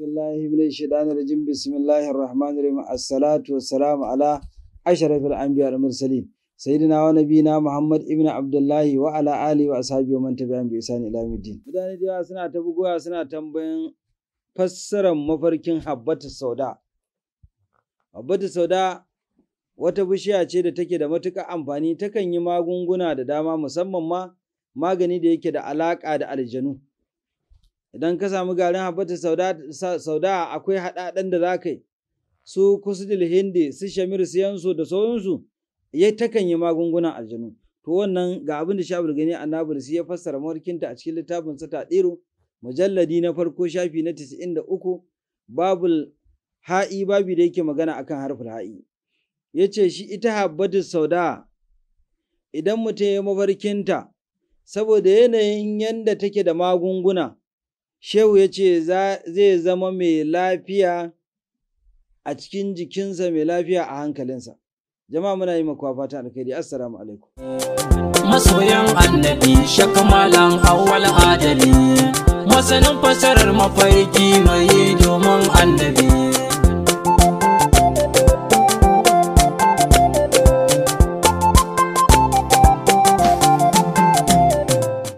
بالله من الشيطان الرجيم بسم الله الرحمن الرحيم الصلاة والسلام على أشرف الأنبياء المرسلين سيدنا ونبينا محمد ابن عبد الله وعلى آله وأصحابه ومن تبعهم بإحسان إلى يوم الدين. مدان ديوا سنة تبوغوا سنة تنبين فسر مفركين حبة السوداء. حبة السوداء wata bishiya ce da take da matuƙa amfani takan yi مسمم ما ما musamman ma magani da yake da idan ka samu garin habbatu sauda akwai haɗaɗen da za ka yi su kusudil hindi su shamir siyansu da sauransu ya takan yi magungunan aljanu to wannan ga abin da shabul gani su ya fassara mawarkinta a cikin littafin sa tadiru mujalladi na farko shafi na 93 babul ha'i babi da yake magana akan harfin ha'i yace shi ita habbatu sauda idan mutum ya mafarkinta saboda yanayin yanda take da magunguna Shehu ya ce zai zama mai lafiya a cikin jikinsa mai lafiya a hankalinsa. Jama'a muna yi makuwa fata alkhairi assalamu alaikum. Masoyan annabi shakamalan awwal adali masanin fasarar mafarki mai